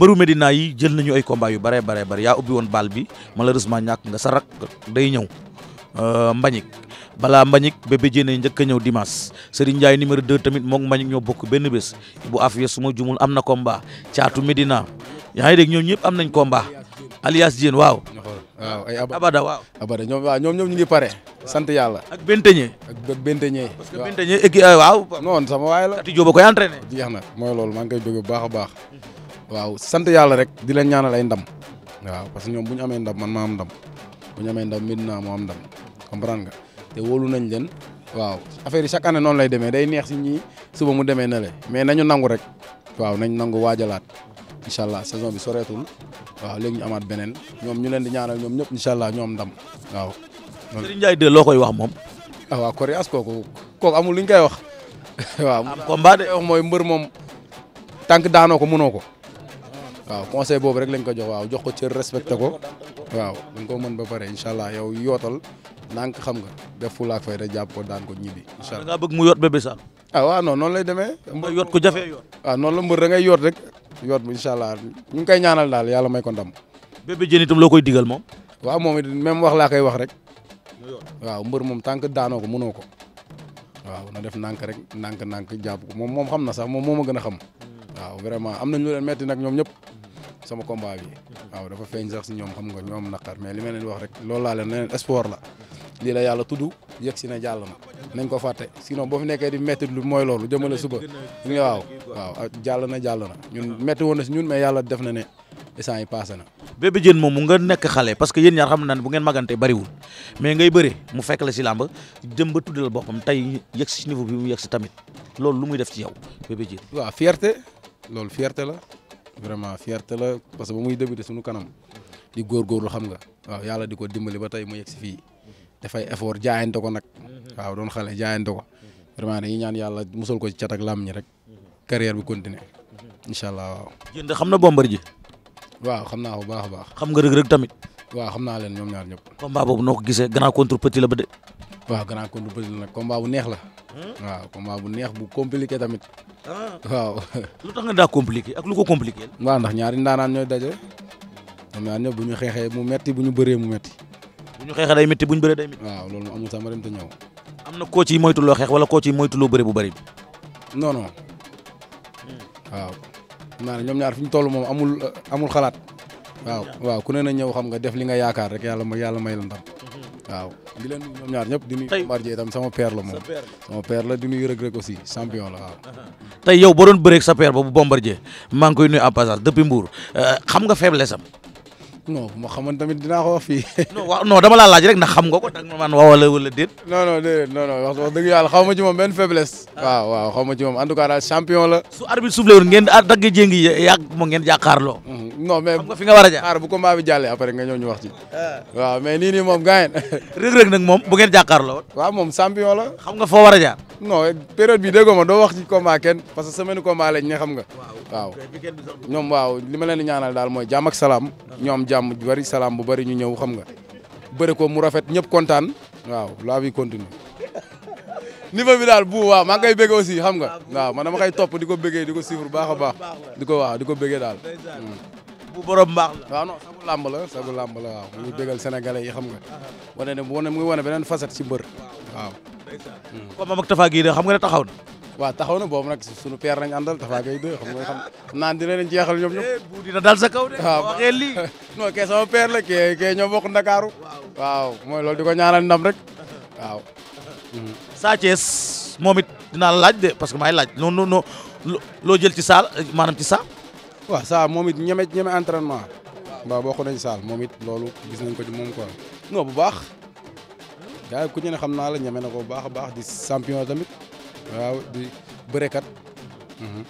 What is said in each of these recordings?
mbeuru Medina yi jël nañu ay combat yu bare bare bare ya ubbi won bal bi malheureusement ñak nga sarak day ñew euh mbagnik bala mbañik bébé jéene ñëk ñëw dimas sëriñ Ndiaye numéro 2 tamit mok mbañik ñoo bokk benn bës bu afiya suma jumul amna combat caatu Medina yaay rek ñoo ñoom ñëpp am combat alias Diène waaw. waaw abada waaw abada ñoom waaw ñoom ñoom ñu ngi paré sante yalla ak benteñe ak benteñe parce que benteñe équipe euh, waaw non sama way la ati jobo ko entraîner jeex na mooy loolu maa ngi koy jóge baax baax waaw sante yalla rek di leen ñaanal ay ndam waaw parce que ñoom buñu amé ndam man ma am ndam buñu amé ndam Medina mo am ndam comprendre nga te wóolu nañ leen waaw affaire yi chaque année noonu lay demee day neex si ñii suba mu demee na le mais nañu nangu rek waaw nañ nangu waajalaat incha allah saison bi soreetul waaw léegi ñu amaat beneen ñoom ñu leen di ñaanal ñoom ñëpp incha allah ñoom ndam waaw. Serigne loo koy wax moom. ah waaw Coriace kooku kooku amul lu ñu koy wax. waaw combat de wax mooy mbër moom tànk daanoo mënoo ko. waaw conseil boobu rek lañ ko jox waaw jox ko cër respecté ko waaw dañ ko mën ba pare incha allah yow yootal nank xam nga def fu laak fay da jàpp ko daan ko ñibbi. incha ah, allah da ngaa mu yot Bébé Saloum. ah lay demee. mbër yot ko jafe yot. ah la mbër da ngay yot rek yot bi incha allah ñu ngi koy ñaanal daal yàlla may ko ndam. Bébé Diène itam loo koy digal moom. waa moom it wax laa koy wax rek. waaw mbër moom tànk daanoo ko mënoo ko. waaw na def nank rek ndànk ndànk jàpp ko moom moom xam na sax moom moo ma gën a xam. Hmm. waaw vraiment am na lu leen metti nag ñoom ñëpp sama combat bi waaw dafa feeñ sax si ñoom xam nga ñoom naqar mais li ma leen wax rek loolu laa leen ne la lii la yàlla tudd yegg si na jàll na nañ ko fàtte sinon boo fi nekkee di métti lu mooy loolu jëmale suba li nga waaw waaw jàll na jàll na ñun métti woon na si ñun mais yàlla def na ne essant yi passé na Bébé Diène moom mu nga nekk xale parce que yéen ñaar xam na bu ngeen magante bariwul mais ngay bëre mu fekk la si làmb dem ba tuddal boppam tey yegg si niveau bi mu yegg si tamit loolu lu muy def ci yow Bébé Diène loolu fierté la vraiment fierté la parce que ba muy débuté suñu kanam di góorgóorlu xam nga waaw yàlla di ko dimbali ba tey mu yegg si fii dafay effort jaayante ko nag waaw doon xale jaayante ko vraiment dañuy ñaan yàlla musal ko ci cat ak làmm ñi rek carrière bi continuer incha allah waaw. jënd xam na bombar ji. waaw xam naa ko bu baax a baax. xam nga rëg-rëg tamit. waaw xam naa leen ñoom ñaar ñëpp. combat boobu noo ko gisee grand contre petit de. waaw grand contre Brésil nag combat bu neex la. Hmm? waaw combat bu neex bu compliqué tamit. Ah. waaw. lu tax nga daa compliqué ak lu ko compliqué. waaw ndax ñaari ndaanaan ñooy daje. ñoom ñaar ñëpp bu ñu xeexee mu metti bu ñu bëree mu metti. bu ñu xeexee day bu ñu bëree day metti. waaw loolu moom amul sax dem te ñëw. am na koo ciy moytuloo xeex wala koo ciy moytuloo bëree bu bëri bi. non hmm. waaw. naa ne ñoom ñaar fu ñu toll moom amul amul xalaat. waaw hmm. waaw ku ne na ñëw xam nga def li nga yaakaar rek yàlla may yàlla may la ndam waaw di leen nuyu ñoom ñaar ñëpp di nuyu Bombardier itam sama père la moom sama père la di nuyu Reug Reug aussi champion la waaw uh-huh. tey yow ba doon bëreeg sa père boobu Bombardier maa ngi koy nuyu en euh, xam nga faiblesse am no bu ma xamoon tamit dina ko wax fi no waaw dama la laaj rek ndax xam nga ko da man waaw wala wala déet. no no no non wax deug yalla xawma ci mom ben faiblesse. Ah. waaw waaw xawma ci mom en tout cas daal champion la. su arbitre souffle won ngeen ah dagg yak mo moom ngeen jàkkaarloo. Mm-hmm. no mais xam nga fi nga wara jaar bu combat bi jalle après nga ñëw ñu wax ci. Ah. waaw mais ni ni mom gaayen Reug Reug nak mom bu ngeen jàkkaarloo woon. waaw mom champion la. xam nga fo wara jaar. no période bi déggoo ma doo wax ci combat ken parce que semaine combat lañ ne xam nga. waaw ñom waaw li ma leen ñaanal dal moy jam ak salam ah. ñom jàmm bu bëri salaam bu bari ñu ñëw xam nga bari ko mu rafet ñëpp kontaan waaw la vie continue. niveau bi daal bu waaw maa ngi koy bëggee xam nga ah, waaw man dama koy topp di ko bëggee di ko suivre bu baax a baax di ko waaw di ko bëggee daal. Hmm. bu borom baax la sagu làmb la sagu làmb la waaw mu ngi bëggal sénégalais yi xam nga wane ne mu ngi wane beneen facette ci mbër waaw. Hmm. comme moom ak Tafa xam nga ne taxaw na. waaw taxaw na boobu nag suñu père lañ àndal dafa xam naan dina leen jeexal ñoom ñoom eh, bu dina dal sa kaw de waaw waxee lii bokk Ndakaaru mooy loolu di ko ñaanal rek waaw Sa Thiès moom it dinaa laaj de parce que maay laaj non non non loo jël ci saal maanaam ci saa waaw saa moom it ñeme ñeme entraînement waaw bokk nañ saal moom it loolu gis nañ ko moom quoi non bu baax gars yi ku xam naa la ñeme na ko bu baax baax di champion tamit waaw di bërekat. Mhm.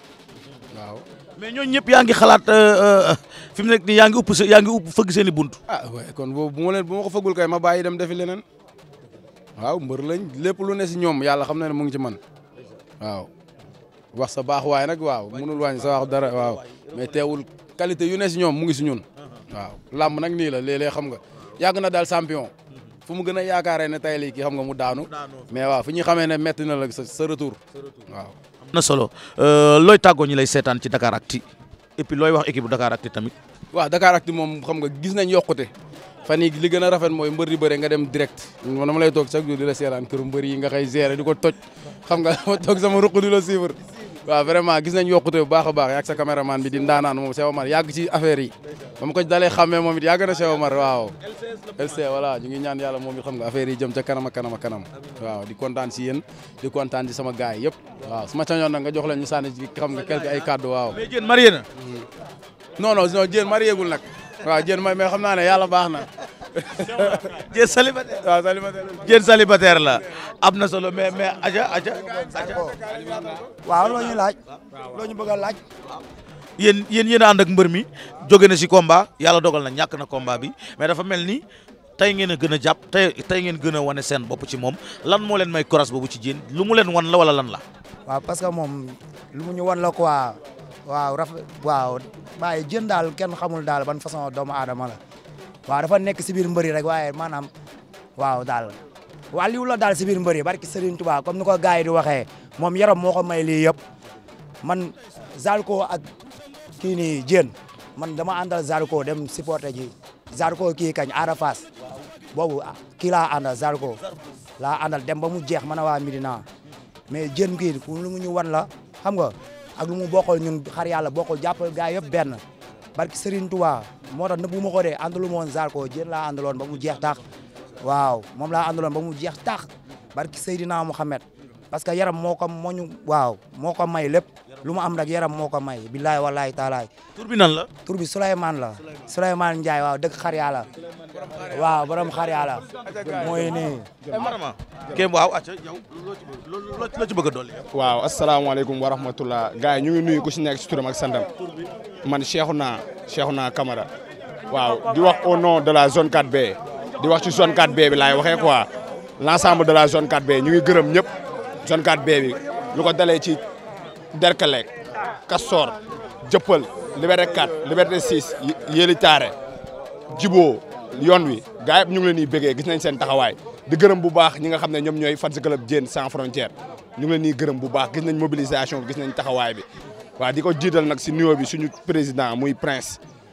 waaw. mais ñooñu ñëpp yaa ngi xalaat euh, euh, fi mu nekk nii yaa ngi upp yaa ngi upp fëgg seen bunt. ah waaye kon boobu bu ma leen bu ma ko fëggul kay ma bàyyi dem defi leneen waaw mbër lañ lépp lu ne si ñoom yàlla xam na ne mu ngi ci man waaw wax sa baax waaye nag waaw mënul wàññi sa wax dara waaw mais teewul qualité yu ne si ñoom mu ngi si ñun uh-huh. waaw làmb nag nii la léeg xam nga yàgg na daal champion. fu mu gën a yaakaaree ne tey lii ki xam nga mu daanu. mais waaw fu ñuy xamee ne metti na la sa sa waaw. na solo euh, looy tàggoo ñu lay seetaan ci Dakaractu et puis looy wax équipe bu Dakaractu tamit. waaw Dakaractu moom xam nga gis nañ yokkute fan yii a rafet mooy mbër di bëre nga dem direct man lay toog chaque jour di la seetaan kër mbër yi nga xëy gérer di ko toj xam nga ma toog sama ruq la suivre. waaw vraiment gis nañ yokkute bu baax a baax yaag sa caméraman bi di ndaanaan moom Cheikh Omar yàgg ci affaire yi ba ma ko dalee xàmmee moom it yàgg na Cheikh Omar waaw a a kanam waaw di kontaan si yéen di kontaan si sama gars yi yëpp waaw su ma sañoon nag nga ñu sànni ci xam nga ay kàddu waaw mais Diène marié na non non non Diène gul nag waaw Diène may mais xam naa ne yàlla na jéen célibataire waaw célibataire jéen la am na solo mais mais aja aja waaw loo ñu laaj loo ñu bëgg a laaj yéen yéen yéen a ànd ak mbër mi jóge na si combat yàlla dogal na ñàkk na komba bi mais dafa mel ni tey ngeen a gën a jàpp tey tey ngeen gën a wane seen bopp ci moom lan moo leen may courage boobu ci jéen lu mu leen wan la wala lan la waaw parce que moom lu mu ñu wan la quoi waaw rafet waaw waaye jën daal kenn xamul daal ban façon doomu aadama la waaw dafa nekk si biir mbëri rek waaye maanaam waaw daal wàlliwu la daal si biir mbëri barki Serigne Touba comme ni ko gars di waxee moom yaram moo ko may lii yëpp man Zarko ak kii nii Diène man dama àndal Zarko dem supporter ji Zarko kii kañ Ada Fass boobu ah, kii laa àndal Zarko laa àndal dem ba mu jeex man a waa Medina mais Diène kii lu mu ñu wan la xam nga ak lu mu bokkal ñun xar yàlla bokkal jàppal gars yëpp benn barki Serigne Touba moo tax nëbbu ma ko dee àndalu ma woon Zarko jéen laa àndaloon ba mu jeex taax waaw moom laa àndaloon ba mu jeex taax barki Seydina Mohamed parce que yaram moo ko moo ñu waaw moo ko may lépp lu mu am rek yaram moo ko may billaay wallaay taalaay. tur la. tur bi Souleymane la. Souleymane Ndiaye waaw dëkk xar yàlla waaw borom xar yàlla mooy nii. marama kéem waaw acca yow loo ci bëgg a ku si nekk si turam ak santam man Cheikhouna Cheikhouna Camara waaw di wax au nom de la zone 4B di wax ci zone 4B bi laay waxee quoi l' ensemble de la zone 4B ñu ngi gërëm ñëpp zone 4B bi lu ko dalee ci Derklé Castor Jëppal Liberté 4 Liberté 6 Yelitaare Djibo yoon wi gars yi ñu ngi leen di bëggee gis nañ seen taxawaay di gërëm bu baax ñi nga xam ne ñoom ñooy fans club Diène sans frontière ñu ngi leen gërëm bu baax gis nañ mobilisation gis nañ taxawaay bi waaw di ko jiital nag si nuyoo bi suñu président muy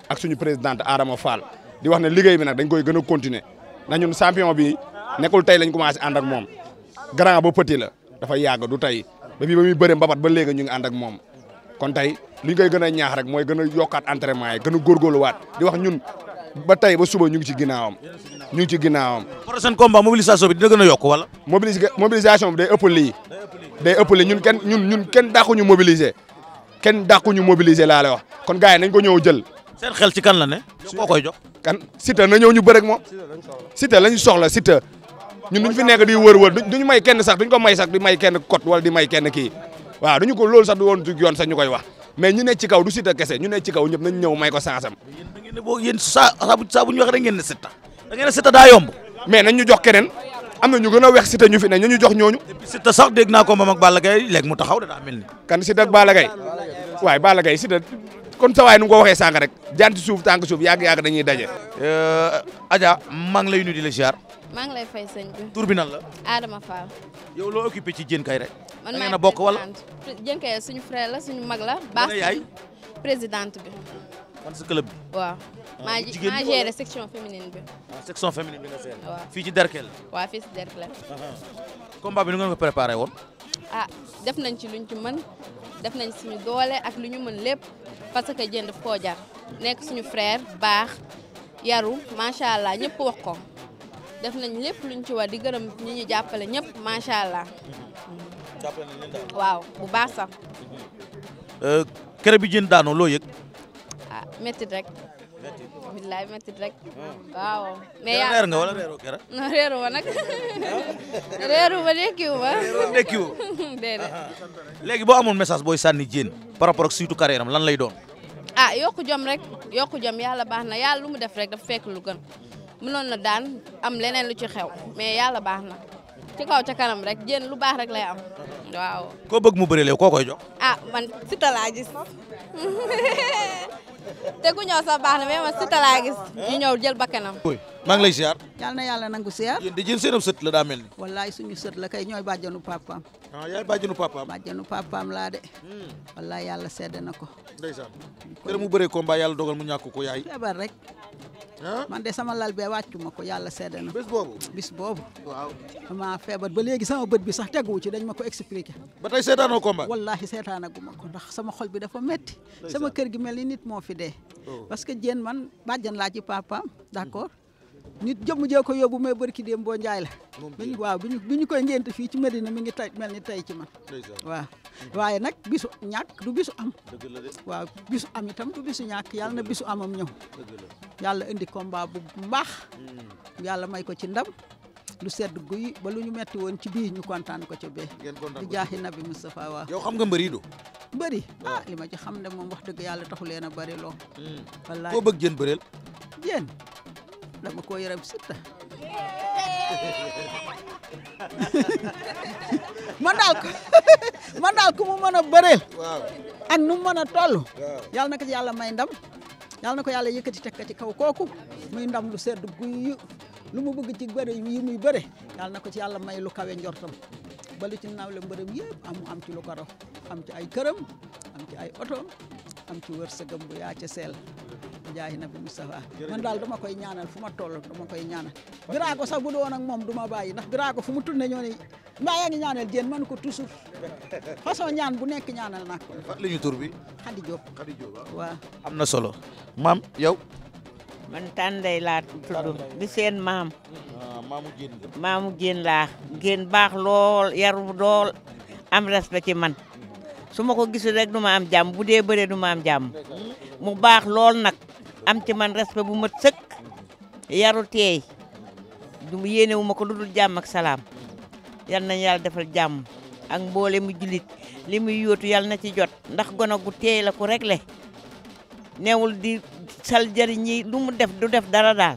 ak suñu présidente Adama Fall di wax ne liggéey bi nag dañ koy gën a continuer na ñun champion bi nekkul tey lañ commencé ànd ak moom grand ba petit la dafa yàgg du tey ba bii ba muy bëre mbapat ba léegi ñu ngi ànd ak moom kon tey li koy gën a ñaax rek mooy gën a yokkaat entraînement yi gën a góorgóorluwaat di wax ñun ba tey ba suba ñu ngi ci ginnaawam ñu ngi ci ginnaawam. prochain combat mobilisation bi dina gën a yokk wala. mobilisation bi day ëpp li day ëpp lii ñun kenn ñun ñun kenn dàquñu mobiliser kenn dàquñu mobiliser laa lay wax kon gars yi nañ ko ñëw jël. seen xel ci kan la ne. koo koy jox kan Siteu na ñëw ñu bëreeg moom. Siteu lañu soxla Siteu ñun duñ fi nekk di wër-wër ñu may kenn sax duñ ko may sax di may kenn code wala di may kenn kii waaw duñu ko loolu sax du woon yoon sax ñu koy wax. mais ñu ne ci kaw du Siteu kese ñu ne ci kaw ñëpp nañ ñëw may ko sansam yéen saa saa ñu wax rek ngeen ne Siteu da ngeen ne Siteu daa yomb mais nañ ñu jox am na ñu gën a weex Siteu ñu fi ne ñu jox ñooñu Siteu sax dégg naa ko moom ak Balla Gaye léegi mu taxaw da daa mel ni kan Siteu ak Balla waay waaye Balla Gaye kon sa waay nu nga ko waxee sànq rek janti suuf tànk suuf yàgg-yàgg dañuy daje euh, Adja maa ngi lay nu di la ziar maa ngi lay fay sëñ bi. tur bi nan la. aadama Fall. yow loo occupé ci Diène rek man maay na bokk wala. Diène Kaïré suñu frère la suñu mag la. baax yaay présidente bi. man sa waaw ah, maa maa géré section féminine bi. Ah, section féminine bi nga fii ci Derkel. waa fii ci Derkel. Ah, combat bi nu ngeen ko préparé woon. ah def nañ ci luñ ci man def nañ suñu doole ak lu ñu mën lépp parce que Diène daf koo jar nekk suñu frère baax yaru macha allah ñëpp wax ko. def nañ lepp luñ ci war di gërëm ñi ñu jàppale ñëpp sha allah. jàppale nañ leen daal waaw bu baax sax. Euh, kere bi jën daano loo yëg. ah méttit rek. billahi metti rek. Hmm. waaw mais ya reer nga wala reeroo kere. non reeru ma nag reeru ma dekkiwu nekki wu dédé légui bo amul message boy sanni jën par rapport ak suitu carrière am lan lay doon. ah yokku jom rek yokku jom yalla baxna yalla lu mu def rek da fekk lu gën. mu mënoon na daan am leneen lu ci xew mais yàlla baax na ci kaw ca kanam rek jën lu baax rek lay am waaw. koo bëgg mu bëri lee koo koy jox. a ah, man Siteu laa te ku ñëw sax baax na mais man Siteu laa gis ñu ñëw jël bakkanam. maa ngi lay ziar. yal na yàlla nangu ziar. yéen di jël seenam sët la daa mel ni. wallaay suñu sët la kay ñooy bàjjanu papaam. ah yaay bàjjanu papaam. bàjjanu papaam laa de. Hmm. wallaay yàlla sedd na ko. ndeysaan. kër mu bëree combat yàlla dogal mu ñàkk ko yaay. feebar Ah? man de sama lal bee wàccu ma ko yàlla seede na. bis boobu bis boobu. waaw dama feebar ba léegi sama bët bi sax teguwu ci dañ ma ko expliqué. ba ko tey seetaanoo combat. wallaahi seetaanagu ma ko ndax sama xol bi dafa metti sama kër gi mel ni nit moo fi dee. Oh. parce que jéen man bàjjan laa ci papaam d' accord. nit jëmm jee ko yóbbu may barki dem boo njaay la biñ waaw biñu bi ñu koy ngént fii ci Medina mi ngi tey mel ni tey ci man waaw waaye nag bisu ñàkk du bisu am waaw bisu am itam du bisu ñàkk yàlla na bisu amam ñëw yàlla indi combat bu mbaax hmm. yàlla may ko ci ndam lu sedd guy ba lu ñu metti woon ci bii ñu kontaan ko ca bee di jaaxi nabi Moustapha waaw yow xam nga mbëri do mbëri ah li ma ci xam ne moom wax dëgg yàlla taxu leen a bëri loo hmm. wallaahi koo bëgg jën bëreel dama ko yaram sitta man daal ko man daal ku mu mën a bëreel ak mën a toll yàlla na ko yàlla may ndam yàlla na ko yàlla yëkkati teg ko ci kaw kooku muy ndam lu sedd guy lu mu bëgg ci bëre yi muy bëre yàlla na ko ci yàlla may lu kawe njortam ba lu ci nawle mbërëm yëpp amu am ci lu ko am ci ay këram am ci ay oto am ci wërsëgam bu yaa ca seel jaahi nabi man daal dama koy ñaanal fu ma toll dama koy ñaanal Birago sax bu doon ak moom du ma bàyyi ndax Birago fu mu turne ñoo ne mbaa yaa ngi man ko toujours façon ñaan bu nekk ñaanal naa ko li ñu tur bi Khady Diop Khady Diop waaw am na solo maam yow man Tànday laa tudd di seen maam ah, maamu géen maamu géen laa géen baax lool yaru lool am respect man su ma ko gisul rek du maam am bu dee bëree du maam am jàmm mu baax lool nag am ci man respect bu mat sëkk yaru teey du yéenewu ma ko lu dul jàmm ak salaam yal nañ yàlla defal jàmm ak mboole mu jullit li mu yóotu yal na ci jot ndax gone gu teey la ku réglé newul di sal jariñ ñi lu mu def du def dara daal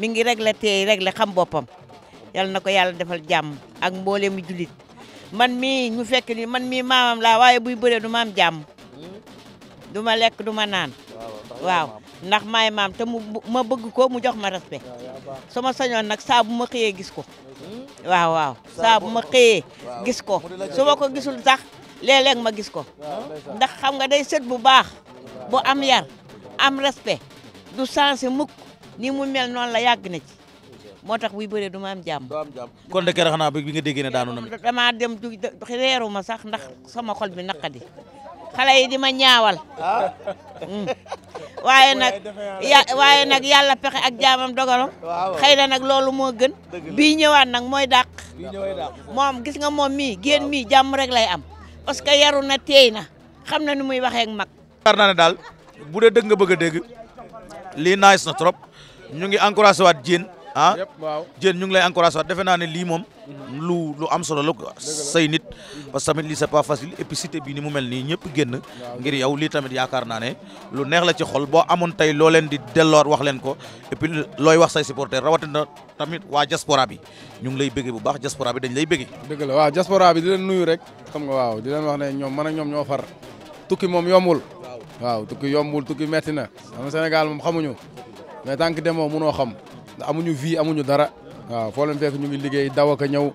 mi ngi réglé teey réglé xam boppam yal na ko yàlla defal jàmm ak mboole mu julit man mi ñu fekk ni man mii maamam laa waaye buy bëree du ma am jàmm hmm? du ma lekk du ma naan waaw ndax maay maam te mu ma bëgg ko mu jox ma respect su ma sañoon nag saa bu ma xëyee gis ko hmm? waaw waaw saa bu ma xëyee gis ko su ma ko gisul sax léeg ma gis ko ndax xam nga day sët bu baax bu am yar am respect du sensé mukk ni mu mel noonu la yàgg na ci moo tax buy baree du ma am jàmm kon de keroog xanaa bi nga déggee ne daanu na damaa dem du reeru ma sax ndax sama xol bi naqadi xale yi di ma ñaawal ah. hmm. waaye nag ya waaye nag yàlla pexe ak jaamam dogalam xëy na nag loolu moo gën bii ñëwaat nag mooy dàq moom gis nga moom mii génn mii jàmm rek lay am parce que yaru na teey na xam na ni muy waxee ak mag yaakaar naa daal bu dee dëgg nga bëgg a dégg lii nice na trop ñu ngi encouragé waat Diène ah jéen ñu ngi lay encouragé waat defe naa ne lii moom mhm. lu lu am solo la say nit parce que lii c'est pas facile et puis cité bi ni mu mel nii ñëpp génn ngir yow lii tamit yaakaar naa ne lu neex la ci xol boo amoon tey loo leen di delloor wax leen ko et looy wax say supporter rawatina tamit waa diaspora bi ñu ngi lay bëggee bu baax diaspora bi dañ lay bëggee dëgg la waaw diaspora bi di leen nuyu rek xam nga waaw di wax ne ñoom man ak ñoom ñoo far tukki moom yombul waaw tukki yombul tukki metti na am Sénégal moom xamuñu mais tant que demoo mënoo xam amuñu vie amuñu dara waaw foo leen fekk ñu ngi liggéey daw ak a ñëw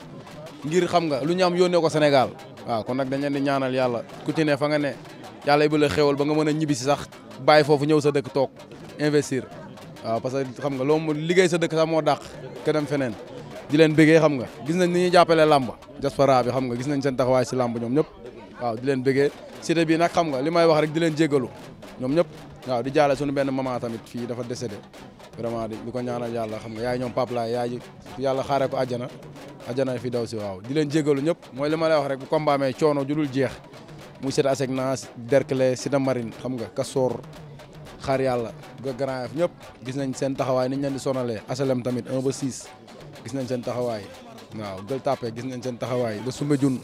ngir xam nga lu ñu am yónnee ko senegal waaw kon nag dañ leen di ñaanal yàlla ku ci fa nga ne yàlla yóbbu la xéwal ba nga mën a ñibbi si sax bàyyi foofu ñëw sa dëkk toog investir waaw parce que xam nga loo mu liggéey sa dëkk sax moo dàq ke dem feneen di leen bëggee xam nga gis nañ ni ñuy jàppalee làmb diaspora bi xam nga gis nañ seen taxawaay si làmb ñoom ñëpp waaw di leen bëggee cité bi nag xam nga li may wax rek di leen jéggalu ñoom ñëpp waaw di jaale suñu benn maman tamit fii dafa décédé vraiment di ko ñaanal yàlla xam nga yaay ñoom Pape Laye yaay yàlla xaaree ko àjjana àjjana fi daw si waaw di leen jégalu ñëpp mooy li ma lay wax rek bu combat amee coono ju dul jeex muy Cité Asecnas si Cité Marine xam nga Kasor xar yàlla ga Grand Yoff ñëpp gis nañ seen taxawaay niñ leen di sonalee asalem tamit 1 gis nañ seen taxawaay waaw Gueule Tapée gis nañ seen taxawaay ba Soumbédioune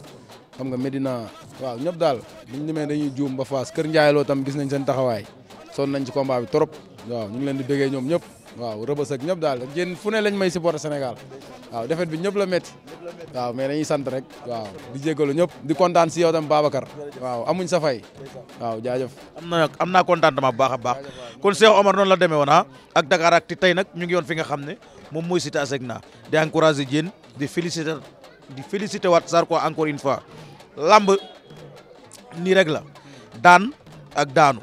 xam nga Medina waaw ñëpp daal buñ demee dañuy juum ba Fass Kër Ndiaye loo tam gis nañ seen taxawaay son nañ ci combat bi trop waaw ñu ngi leen di bëggee ñoom ñëpp waaw rëbës ak ñëpp daal yéen fu ne lañ may support Sénégal waaw defet bi ñop la metti waaw mais dañuy sante rek waaw di jégalu ñop di kontaan ci yow tam Babacar waaw amuñ sa fay waaw jaajeuf amna amna am naa contentement bu baax baax kon Cheikh Omar non la démé woon ah ak Dakar ak ti tey nag ñu ngi yoon fi nga xamné mom moy Cité asegna di encourager jeen di féliciter di félicité waat Sarko encore une fois lamb ni rek la daan ak daanu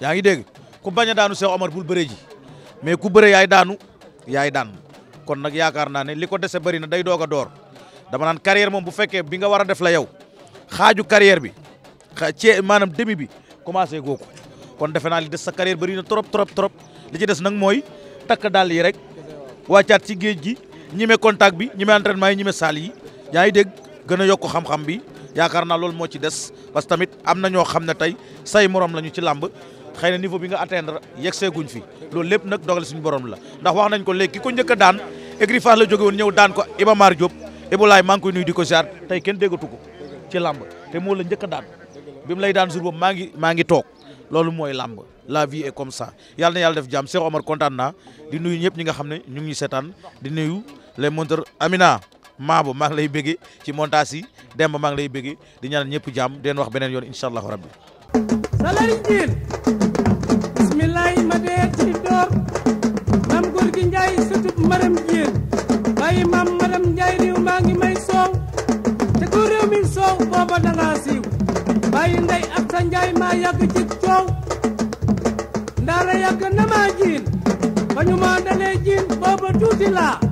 yaangi dégg ku baña a daanu Cheikh Omar bul béré ji. mais ku bëre yaay daanu yaay daan kon nag yaakaar naa ne li ko dese bëri na day doog a door dama naan carrière moom bu fekkee bi nga war a def la yow xaaju carrière bi xa maanaam demi bi commencé gooku kon defe naa li des sa carrière bëri na trop trop trop li ci des nag mooy takk dàll yi rek wàccaat ci géej gi ñime contact bi ñime entraînement yi ñime salle yi yaa ngi dégg gën a yokk xam-xam bi yaakaar naa loolu moo ci des parce que tamit am na ñoo xam ne tey say morom lañu ci làmb xeyna na niveau bi nga atteindre yexé kunfi fi lool lepp nak dogal suñu borom la ndax wax nañ ko léegi kiko ñëk daan egri fa la joggé won ñew daan ko Iba Mar Diop Ibulaay maa koy nuy di ziar tay kenn déggatu ko ci lamb té mo la ñëk daan bim lay daan jour bo mangi ngi tok loolu la vie est comme ça yalla na yalla def jam Cheikh Omar contane na di nuyu ñepp ñi nga xam ñu ngi sétane di nuyu les monteurs Amina mabo mang lay bëgge ci montage yi Demba mang lay bëgge di ñaan ñepp jam den wax benen yoon inshallah rabbi salariñ leer maam góor gi njaay sëtub maram jéen bàyyi maam maram njaay réew maa ngi may soow te ku réew mi soow booba danga siiw bàyyi ndey ak njaay maa yàgg ci coow ndaara yàgg na maa jiin ba ñu maa dalee jiin tuuti laa